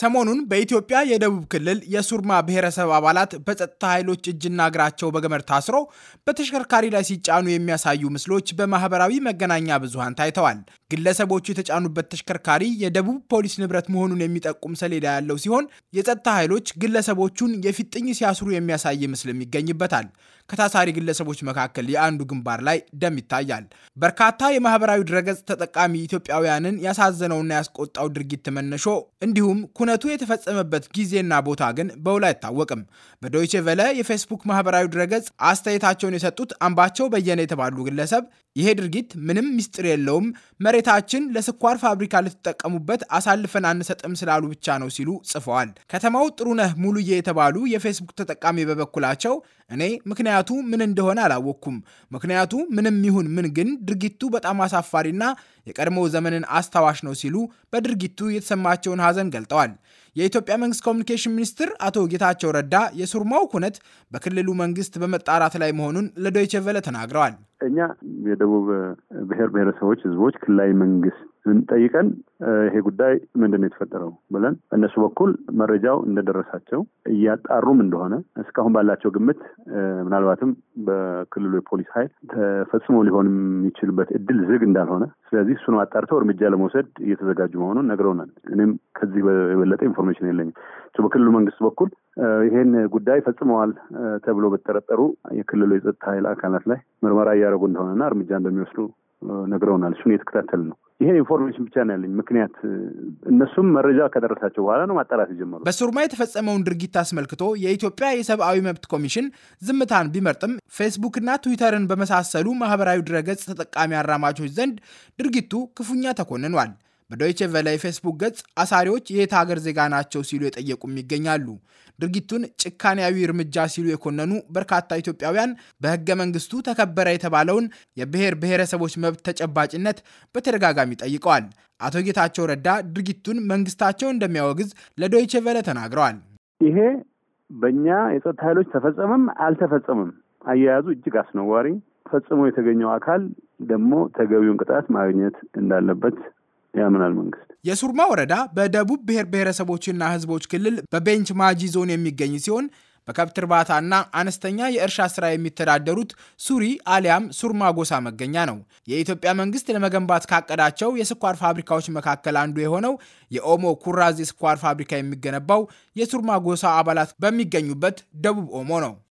ሰሞኑን በኢትዮጵያ የደቡብ ክልል የሱርማ ብሔረሰብ አባላት በጸጥታ ኃይሎች እጅና እግራቸው በገመድ ታስሮ በተሽከርካሪ ላይ ሲጫኑ የሚያሳዩ ምስሎች በማህበራዊ መገናኛ ብዙሃን ታይተዋል። ግለሰቦቹ የተጫኑበት ተሽከርካሪ የደቡብ ፖሊስ ንብረት መሆኑን የሚጠቁም ሰሌዳ ያለው ሲሆን የጸጥታ ኃይሎች ግለሰቦቹን የፊጥኝ ሲያስሩ የሚያሳይ ምስልም ይገኝበታል። ከታሳሪ ግለሰቦች መካከል የአንዱ ግንባር ላይ ደም ይታያል። በርካታ የማህበራዊ ድረገጽ ተጠቃሚ ኢትዮጵያውያንን ያሳዘነውና ያስቆጣው ድርጊት መነሾ እንዲሁም ኩነቱ የተፈጸመበት ጊዜና ቦታ ግን በውል አይታወቅም። በዶይቼ ቬለ የፌስቡክ ማህበራዊ ድረገጽ አስተያየታቸውን የሰጡት አምባቸው በየነ የተባሉ ግለሰብ ይሄ ድርጊት ምንም ምስጢር የለውም መሬት መሬታችን ለስኳር ፋብሪካ ልትጠቀሙበት አሳልፈን አንሰጥም ስላሉ ብቻ ነው ሲሉ ጽፈዋል። ከተማው ጥሩነህ ሙሉዬ የተባሉ የፌስቡክ ተጠቃሚ በበኩላቸው እኔ ምክንያቱ ምን እንደሆነ አላወቅኩም። ምክንያቱ ምንም ይሁን ምን ግን ድርጊቱ በጣም አሳፋሪና የቀድሞ ዘመንን አስታዋሽ ነው ሲሉ በድርጊቱ የተሰማቸውን ሐዘን ገልጠዋል። የኢትዮጵያ መንግስት ኮሚኒኬሽን ሚኒስትር አቶ ጌታቸው ረዳ የሱርማው ኩነት በክልሉ መንግስት በመጣራት ላይ መሆኑን ለዶይቼ ቬለ ተናግረዋል። እኛ የደቡብ ብሔር ብሔረሰቦች ህዝቦች ክልላዊ መንግስት ስንጠይቀን ይሄ ጉዳይ ምንድን ነው የተፈጠረው ብለን እነሱ በኩል መረጃው እንደደረሳቸው እያጣሩም እንደሆነ እስካሁን ባላቸው ግምት ምናልባትም በክልሉ የፖሊስ ኃይል ተፈጽሞ ሊሆን የሚችልበት እድል ዝግ እንዳልሆነ፣ ስለዚህ እሱን አጣርተው እርምጃ ለመውሰድ እየተዘጋጁ መሆኑን ነግረውናል። እኔም ከዚህ የበለጠ ኢንፎርሜሽን የለኝም። በክልሉ መንግስት በኩል ይሄን ጉዳይ ፈጽመዋል ተብሎ በተጠረጠሩ የክልሉ የጸጥታ ኃይል አካላት ላይ ምርመራ እያ እያደረጉ እንደሆነና እርምጃ እንደሚወስዱ ነግረውናል። እሱን እየተከታተል ነው። ይሄ ኢንፎርሜሽን ብቻ ነው ያለኝ። ምክንያት እነሱም መረጃ ከደረሳቸው በኋላ ነው ማጣራት የጀመሩ። በሱርማ የተፈጸመውን ድርጊት አስመልክቶ የኢትዮጵያ የሰብአዊ መብት ኮሚሽን ዝምታን ቢመርጥም ፌስቡክና ትዊተርን በመሳሰሉ ማህበራዊ ድረገጽ ተጠቃሚ አራማቾች ዘንድ ድርጊቱ ክፉኛ ተኮንኗል። በዶይቼ ቬለ የፌስቡክ ገጽ አሳሪዎች የየት ሀገር ዜጋ ናቸው ሲሉ የጠየቁም ይገኛሉ። ድርጊቱን ጭካኔያዊ እርምጃ ሲሉ የኮነኑ በርካታ ኢትዮጵያውያን በህገ መንግስቱ ተከበረ የተባለውን የብሔር ብሔረሰቦች መብት ተጨባጭነት በተደጋጋሚ ጠይቀዋል። አቶ ጌታቸው ረዳ ድርጊቱን መንግስታቸው እንደሚያወግዝ ለዶይቼ ቬለ ተናግረዋል። ይሄ በእኛ የጸጥታ ኃይሎች ተፈጸመም አልተፈጸመም አያያዙ እጅግ አስነዋሪ፣ ፈጽሞ የተገኘው አካል ደግሞ ተገቢውን ቅጣት ማግኘት እንዳለበት ያምናል መንግስት። የሱርማ ወረዳ በደቡብ ብሔር ብሔረሰቦችና ህዝቦች ክልል በቤንች ማጂ ዞን የሚገኝ ሲሆን በከብት እርባታና አነስተኛ የእርሻ ስራ የሚተዳደሩት ሱሪ አሊያም ሱርማ ጎሳ መገኛ ነው። የኢትዮጵያ መንግስት ለመገንባት ካቀዳቸው የስኳር ፋብሪካዎች መካከል አንዱ የሆነው የኦሞ ኩራዝ የስኳር ፋብሪካ የሚገነባው የሱርማ ጎሳ አባላት በሚገኙበት ደቡብ ኦሞ ነው።